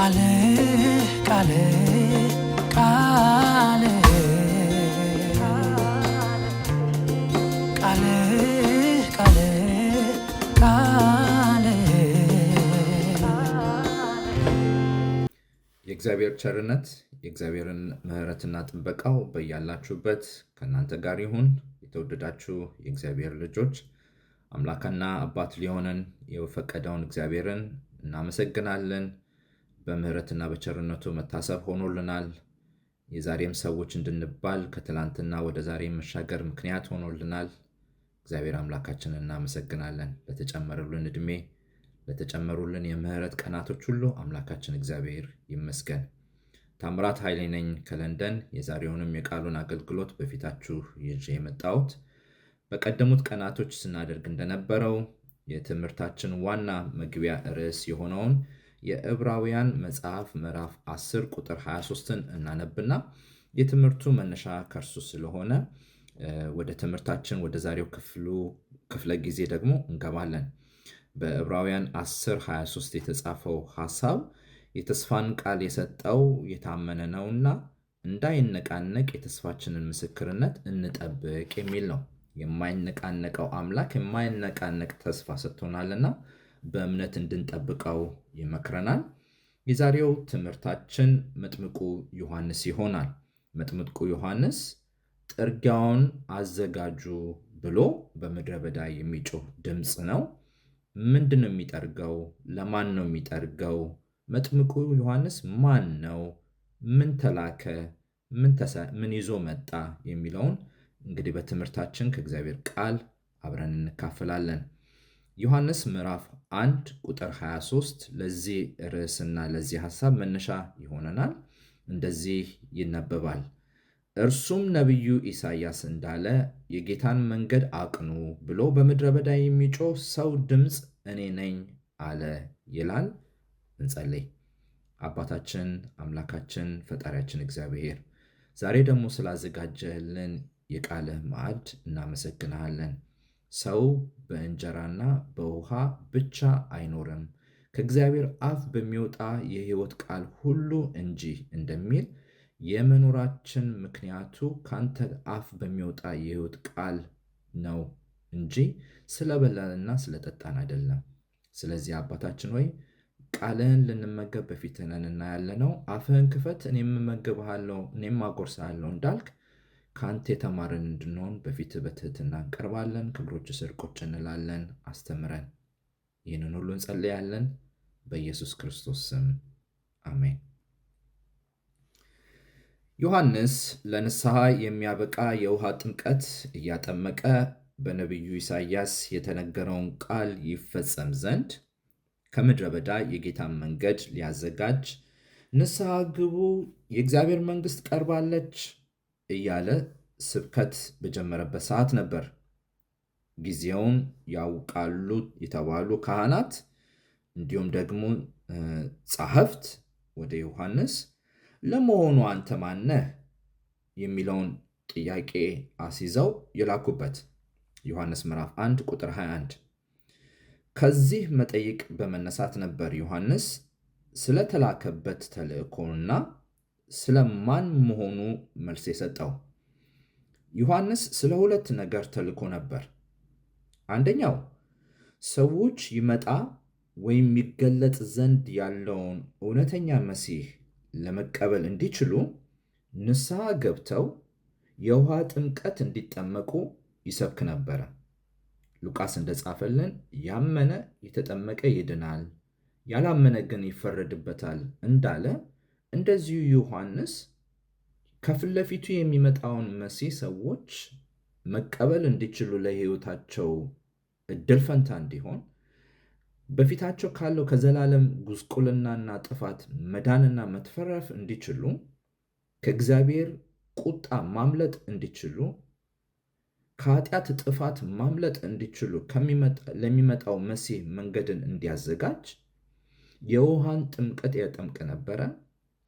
ቃል የእግዚአብሔር ቸርነት የእግዚአብሔርን ምሕረትና ጥበቃው በያላችሁበት ከእናንተ ጋር ይሁን። የተወደዳችሁ የእግዚአብሔር ልጆች አምላክና አባት ሊሆንን የፈቀደውን እግዚአብሔርን እናመሰግናለን። በምሕረትና በቸርነቱ መታሰብ ሆኖልናል። የዛሬም ሰዎች እንድንባል ከትላንትና ወደ ዛሬ መሻገር ምክንያት ሆኖልናል። እግዚአብሔር አምላካችን እናመሰግናለን። ለተጨመረልን ዕድሜ ለተጨመሩልን የምሕረት ቀናቶች ሁሉ አምላካችን እግዚአብሔር ይመስገን። ታምራት ኃይሌ ነኝ ከለንደን። የዛሬውንም የቃሉን አገልግሎት በፊታችሁ ይዤ የመጣሁት በቀደሙት ቀናቶች ስናደርግ እንደነበረው የትምህርታችን ዋና መግቢያ ርዕስ የሆነውን የዕብራውያን መጽሐፍ ምዕራፍ 10 ቁጥር 23ን እናነብና የትምህርቱ መነሻ ከእርሱ ስለሆነ ወደ ትምህርታችን ወደ ዛሬው ክፍለ ጊዜ ደግሞ እንገባለን። በዕብራውያን 10 23 የተጻፈው ሐሳብ የተስፋን ቃል የሰጠው የታመነ ነውና እንዳይነቃነቅ የተስፋችንን ምስክርነት እንጠብቅ የሚል ነው። የማይነቃነቀው አምላክ የማይነቃነቅ ተስፋ ሰጥቶናልና በእምነት እንድንጠብቀው ይመክረናል። የዛሬው ትምህርታችን መጥምቁ ዮሐንስ ይሆናል። መጥምቁ ዮሐንስ ጥርጊያውን አዘጋጁ ብሎ በምድረ በዳ የሚጮህ ድምፅ ነው። ምንድን ነው የሚጠርገው? ለማን ነው የሚጠርገው? መጥምቁ ዮሐንስ ማን ነው? ምን ተላከ? ምን ይዞ መጣ? የሚለውን እንግዲህ በትምህርታችን ከእግዚአብሔር ቃል አብረን እንካፈላለን። ዮሐንስ ምዕራፍ 1 ቁጥር 23 ለዚህ ርዕስና ለዚህ ሐሳብ መነሻ ይሆነናል። እንደዚህ ይነበባል። እርሱም ነቢዩ ኢሳይያስ እንዳለ የጌታን መንገድ አቅኑ ብሎ በምድረ በዳ የሚጮህ ሰው ድምፅ እኔ ነኝ አለ ይላል። እንጸልይ። አባታችን አምላካችን ፈጣሪያችን እግዚአብሔር ዛሬ ደግሞ ስላዘጋጀህልን የቃልህ ማዕድ እናመሰግንሃለን። ሰው በእንጀራና በውሃ ብቻ አይኖርም ከእግዚአብሔር አፍ በሚወጣ የሕይወት ቃል ሁሉ እንጂ እንደሚል የመኖራችን ምክንያቱ ካንተ አፍ በሚወጣ የሕይወት ቃል ነው እንጂ ስለበላንና ስለጠጣን አይደለም። ስለዚህ አባታችን ሆይ ቃልህን ልንመገብ በፊትህ ነንና ያለነው አፍህን ክፈት፣ እኔም እመግብሃለሁ፣ እኔም አጎርሳሃለሁ እንዳልክ ከአንተ የተማርን እንድንሆን በፊት በትህትና እንቀርባለን። ከእግሮች ስር ቁጭ እንላለን፣ አስተምረን። ይህንን ሁሉ እንጸልያለን በኢየሱስ ክርስቶስ ስም አሜን። ዮሐንስ ለንስሐ የሚያበቃ የውሃ ጥምቀት እያጠመቀ በነቢዩ ኢሳይያስ የተነገረውን ቃል ይፈጸም ዘንድ ከምድረ በዳ የጌታን መንገድ ሊያዘጋጅ ንስሐ ግቡ፣ የእግዚአብሔር መንግሥት ቀርባለች እያለ ስብከት በጀመረበት ሰዓት ነበር። ጊዜውን ያውቃሉ የተባሉ ካህናት እንዲሁም ደግሞ ጸሐፍት ወደ ዮሐንስ ለመሆኑ አንተ ማነህ የሚለውን ጥያቄ አስይዘው የላኩበት ዮሐንስ ምዕራፍ 1 ቁጥር 21። ከዚህ መጠይቅ በመነሳት ነበር ዮሐንስ ስለተላከበት ተልእኮና ስለማን መሆኑ መልስ የሰጠው። ዮሐንስ ስለ ሁለት ነገር ተልኮ ነበር። አንደኛው ሰዎች ይመጣ ወይም ይገለጥ ዘንድ ያለውን እውነተኛ መሲህ ለመቀበል እንዲችሉ ንስሐ ገብተው የውሃ ጥምቀት እንዲጠመቁ ይሰብክ ነበረ። ሉቃስ እንደጻፈልን ያመነ የተጠመቀ ይድናል፣ ያላመነ ግን ይፈረድበታል እንዳለ እንደዚሁ ዮሐንስ ከፊት ለፊቱ የሚመጣውን መሲህ ሰዎች መቀበል እንዲችሉ ለህይወታቸው እድል ፈንታ እንዲሆን በፊታቸው ካለው ከዘላለም ጉስቁልናና ጥፋት መዳንና መትፈረፍ እንዲችሉ ከእግዚአብሔር ቁጣ ማምለጥ እንዲችሉ ከኃጢአት ጥፋት ማምለጥ እንዲችሉ ለሚመጣው መሲህ መንገድን እንዲያዘጋጅ የውሃን ጥምቀት ያጠምቅ ነበረ።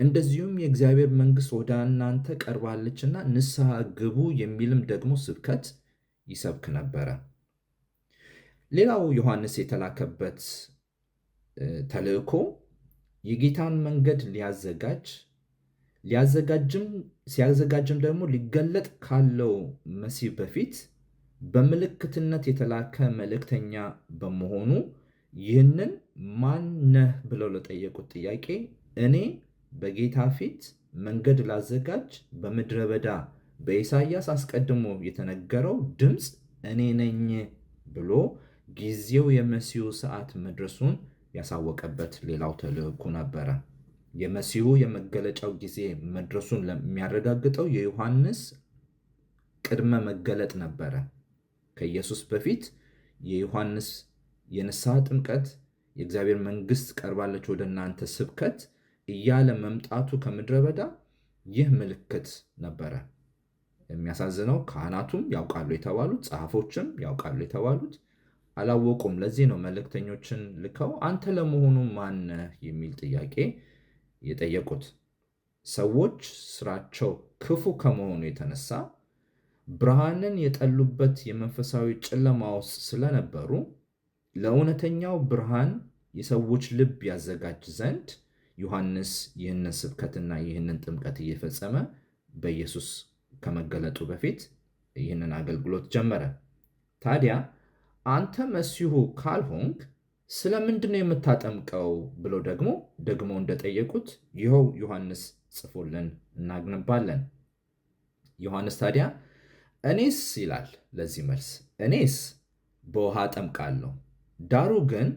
እንደዚሁም የእግዚአብሔር መንግሥት ወደ እናንተ ቀርባለችና ንስሐ ግቡ የሚልም ደግሞ ስብከት ይሰብክ ነበረ። ሌላው ዮሐንስ የተላከበት ተልእኮ የጌታን መንገድ ሊያዘጋጅ ሊያዘጋጅም ሲያዘጋጅም ደግሞ ሊገለጥ ካለው መሲህ በፊት በምልክትነት የተላከ መልእክተኛ በመሆኑ ይህንን ማን ነህ ብለው ለጠየቁት ጥያቄ እኔ በጌታ ፊት መንገድ ላዘጋጅ በምድረ በዳ በኢሳይያስ አስቀድሞ የተነገረው ድምፅ እኔ ነኝ ብሎ ጊዜው የመሲሁ ሰዓት መድረሱን ያሳወቀበት ሌላው ተልእኮ ነበረ። የመሲሁ የመገለጫው ጊዜ መድረሱን ለሚያረጋግጠው የዮሐንስ ቅድመ መገለጥ ነበረ። ከኢየሱስ በፊት የዮሐንስ የንስሐ ጥምቀት የእግዚአብሔር መንግሥት ቀርባለች ወደ እናንተ ስብከት እያለ መምጣቱ ከምድረ በዳ ይህ ምልክት ነበረ። የሚያሳዝነው ካህናቱም ያውቃሉ የተባሉት ጸሐፎችም ያውቃሉ የተባሉት አላወቁም። ለዚህ ነው መልእክተኞችን ልከው አንተ ለመሆኑ ማነህ የሚል ጥያቄ የጠየቁት። ሰዎች ስራቸው ክፉ ከመሆኑ የተነሳ ብርሃንን የጠሉበት የመንፈሳዊ ጨለማ ውስጥ ስለነበሩ ለእውነተኛው ብርሃን የሰዎች ልብ ያዘጋጅ ዘንድ ዮሐንስ ይህንን ስብከትና ይህንን ጥምቀት እየፈጸመ በኢየሱስ ከመገለጡ በፊት ይህንን አገልግሎት ጀመረ። ታዲያ አንተ መሲሁ ካልሆንክ ስለምንድን ነው የምታጠምቀው? ብሎ ደግሞ ደግሞ እንደጠየቁት ይኸው ዮሐንስ ጽፎልን እናግንባለን። ዮሐንስ ታዲያ እኔስ ይላል ለዚህ መልስ እኔስ በውሃ አጠምቃለሁ፣ ዳሩ ግን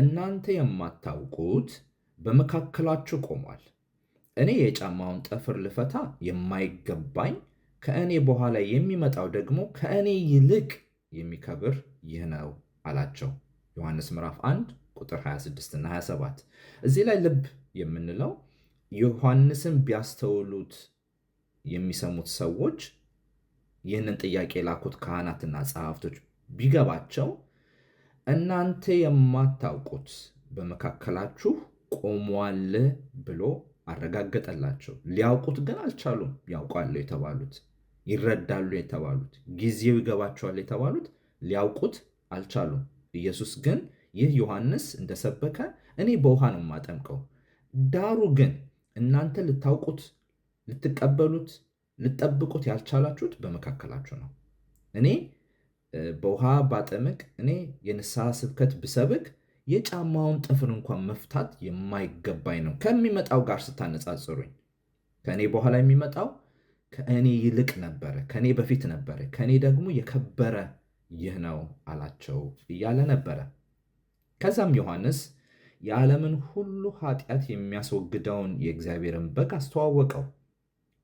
እናንተ የማታውቁት በመካከላችሁ ቆሟል። እኔ የጫማውን ጠፍር ልፈታ የማይገባኝ ከእኔ በኋላ የሚመጣው ደግሞ ከእኔ ይልቅ የሚከብር ይህ ነው አላቸው። ዮሐንስ ምዕራፍ 1 ቁጥር 26 እና 27። እዚህ ላይ ልብ የምንለው ዮሐንስን ቢያስተውሉት የሚሰሙት ሰዎች ይህንን ጥያቄ የላኩት ካህናትና ጸሐፍቶች ቢገባቸው እናንተ የማታውቁት በመካከላችሁ ቆሟል ብሎ አረጋገጠላቸው። ሊያውቁት ግን አልቻሉም። ያውቃሉ የተባሉት ይረዳሉ የተባሉት ጊዜው ይገባቸዋል የተባሉት ሊያውቁት አልቻሉም። ኢየሱስ ግን ይህ ዮሐንስ እንደሰበከ እኔ በውሃ ነው የማጠምቀው፣ ዳሩ ግን እናንተ ልታውቁት፣ ልትቀበሉት፣ ልጠብቁት ያልቻላችሁት በመካከላችሁ ነው። እኔ በውሃ ባጠምቅ፣ እኔ የንስሐ ስብከት ብሰብክ የጫማውን ጥፍር እንኳን መፍታት የማይገባኝ ነው ከሚመጣው ጋር ስታነጻጽሩኝ። ከእኔ በኋላ የሚመጣው ከእኔ ይልቅ ነበረ፣ ከእኔ በፊት ነበረ፣ ከእኔ ደግሞ የከበረ ይህ ነው አላቸው እያለ ነበረ። ከዛም ዮሐንስ የዓለምን ሁሉ ኃጢአት የሚያስወግደውን የእግዚአብሔርን በግ አስተዋወቀው።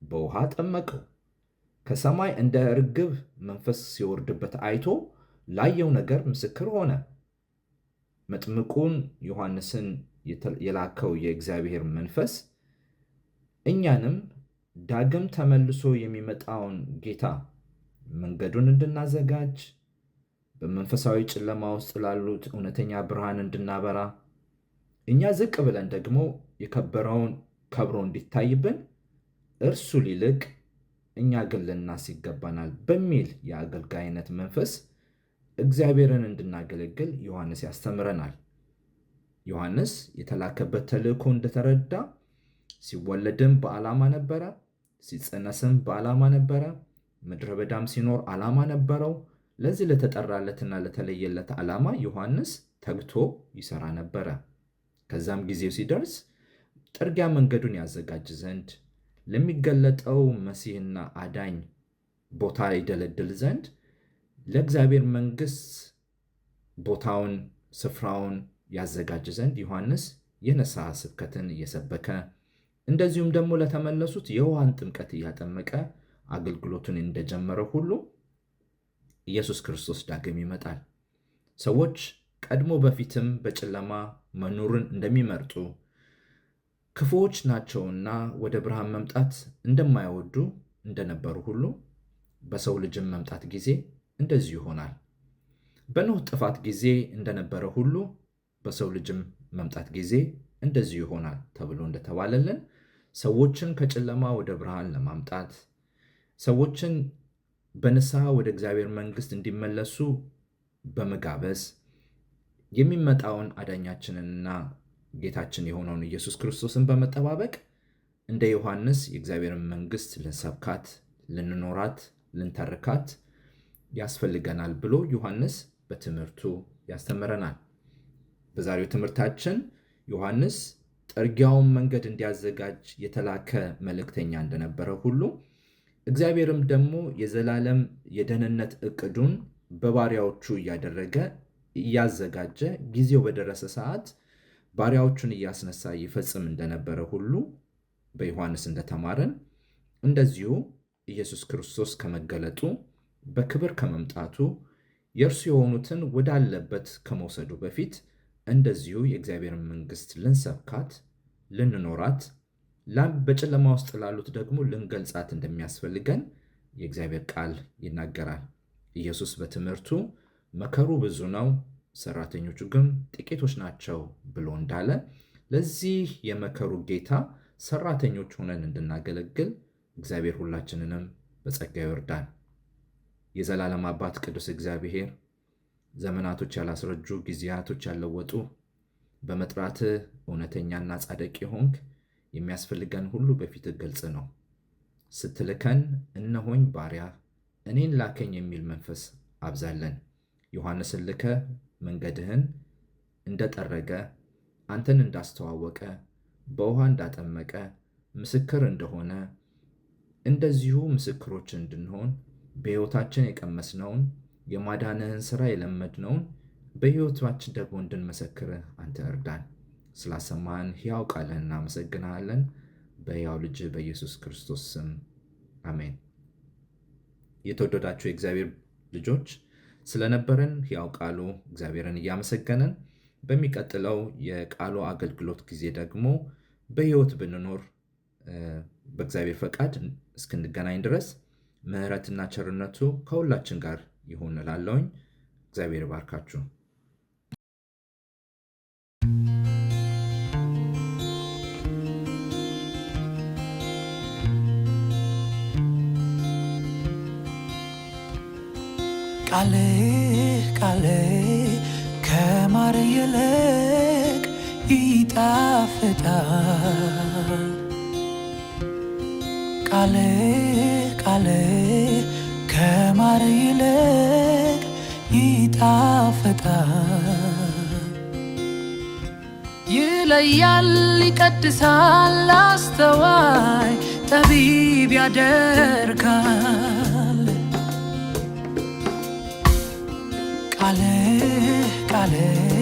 በውሃ ጠመቀው። ከሰማይ እንደ ርግብ መንፈስ ሲወርድበት አይቶ ላየው ነገር ምስክር ሆነ። መጥምቁን ዮሐንስን የላከው የእግዚአብሔር መንፈስ እኛንም ዳግም ተመልሶ የሚመጣውን ጌታ መንገዱን እንድናዘጋጅ በመንፈሳዊ ጨለማ ውስጥ ላሉት እውነተኛ ብርሃን እንድናበራ እኛ ዝቅ ብለን ደግሞ የከበረውን ከብሮ እንዲታይብን እርሱ ሊልቅ እኛ ግን ልናስ ይገባናል በሚል የአገልጋይነት መንፈስ እግዚአብሔርን እንድናገለግል ዮሐንስ ያስተምረናል። ዮሐንስ የተላከበት ተልእኮ እንደተረዳ ሲወለድም በዓላማ ነበረ፣ ሲጸነስም በዓላማ ነበረ፣ ምድረ በዳም ሲኖር ዓላማ ነበረው። ለዚህ ለተጠራለትና ለተለየለት ዓላማ ዮሐንስ ተግቶ ይሰራ ነበረ። ከዛም ጊዜው ሲደርስ ጥርጊያ መንገዱን ያዘጋጅ ዘንድ ለሚገለጠው መሲህና አዳኝ ቦታ ይደለድል ዘንድ ለእግዚአብሔር መንግስት ቦታውን ስፍራውን ያዘጋጅ ዘንድ ዮሐንስ የንስሐ ስብከትን እየሰበከ እንደዚሁም ደግሞ ለተመለሱት የውሃን ጥምቀት እያጠመቀ አገልግሎቱን እንደጀመረ ሁሉ ኢየሱስ ክርስቶስ ዳግም ይመጣል። ሰዎች ቀድሞ በፊትም በጨለማ መኖርን እንደሚመርጡ ክፉዎች ናቸውና ወደ ብርሃን መምጣት እንደማይወዱ እንደነበሩ ሁሉ በሰው ልጅም መምጣት ጊዜ እንደዚሁ ይሆናል። በኖህ ጥፋት ጊዜ እንደነበረ ሁሉ በሰው ልጅም መምጣት ጊዜ እንደዚሁ ይሆናል ተብሎ እንደተባለልን ሰዎችን ከጨለማ ወደ ብርሃን ለማምጣት ሰዎችን በንስሐ ወደ እግዚአብሔር መንግስት እንዲመለሱ በመጋበዝ የሚመጣውን አዳኛችንንና ጌታችን የሆነውን ኢየሱስ ክርስቶስን በመጠባበቅ እንደ ዮሐንስ የእግዚአብሔርን መንግስት ልንሰብካት፣ ልንኖራት፣ ልንተርካት ያስፈልገናል ብሎ ዮሐንስ በትምህርቱ ያስተምረናል። በዛሬው ትምህርታችን ዮሐንስ ጥርጊያውን መንገድ እንዲያዘጋጅ የተላከ መልእክተኛ እንደነበረ ሁሉ እግዚአብሔርም ደግሞ የዘላለም የደህንነት እቅዱን በባሪያዎቹ እያደረገ እያዘጋጀ ጊዜው በደረሰ ሰዓት ባሪያዎቹን እያስነሳ ይፈጽም እንደነበረ ሁሉ በዮሐንስ እንደተማረን እንደዚሁ ኢየሱስ ክርስቶስ ከመገለጡ በክብር ከመምጣቱ የእርሱ የሆኑትን ወዳለበት ከመውሰዱ በፊት እንደዚሁ የእግዚአብሔር መንግስት ልንሰብካት፣ ልንኖራት፣ በጨለማ ውስጥ ላሉት ደግሞ ልንገልጻት እንደሚያስፈልገን የእግዚአብሔር ቃል ይናገራል። ኢየሱስ በትምህርቱ መከሩ ብዙ ነው፣ ሰራተኞቹ ግን ጥቂቶች ናቸው ብሎ እንዳለ ለዚህ የመከሩ ጌታ ሰራተኞች ሆነን እንድናገለግል እግዚአብሔር ሁላችንንም በጸጋ ይወርዳል። የዘላለም አባት ቅዱስ እግዚአብሔር ዘመናቶች ያላስረጁ ጊዜያቶች ያለወጡ በመጥራት እውነተኛና ጻደቅ የሆንክ የሚያስፈልገን ሁሉ በፊት ግልጽ ነው። ስትልከን እነሆኝ ባሪያ እኔን ላከኝ የሚል መንፈስ አብዛለን። ዮሐንስን ልከ መንገድህን እንደጠረገ አንተን እንዳስተዋወቀ በውሃ እንዳጠመቀ ምስክር እንደሆነ እንደዚሁ ምስክሮች እንድንሆን በሕይወታችን የቀመስነውን የማዳንህን ሥራ የለመድነውን በሕይወታችን ደግሞ እንድንመሰክርህ አንተ እርዳን። ስላሰማህን ሕያው ቃልህን እናመሰግናለን። በሕያው ልጅ በኢየሱስ ክርስቶስ ስም አሜን። የተወደዳችሁ የእግዚአብሔር ልጆች ስለነበረን ሕያው ቃሉ እግዚአብሔርን እያመሰገንን በሚቀጥለው የቃሉ አገልግሎት ጊዜ ደግሞ በሕይወት ብንኖር በእግዚአብሔር ፈቃድ እስክንገናኝ ድረስ ምሕረትና ቸርነቱ ከሁላችን ጋር ይሁን እላለሁኝ። እግዚአብሔር ይባርካችሁ። ቃሌ ቃሌ ከማር ይልቅ ይጣፍጣል ቃሌ ቃል ከማር ይልቅ ይጣፍጣል፣ ይለያል፣ ይቀድሳል፣ አስተዋይ ጠቢብ ያደርጋል። ቃልህ ቃልህ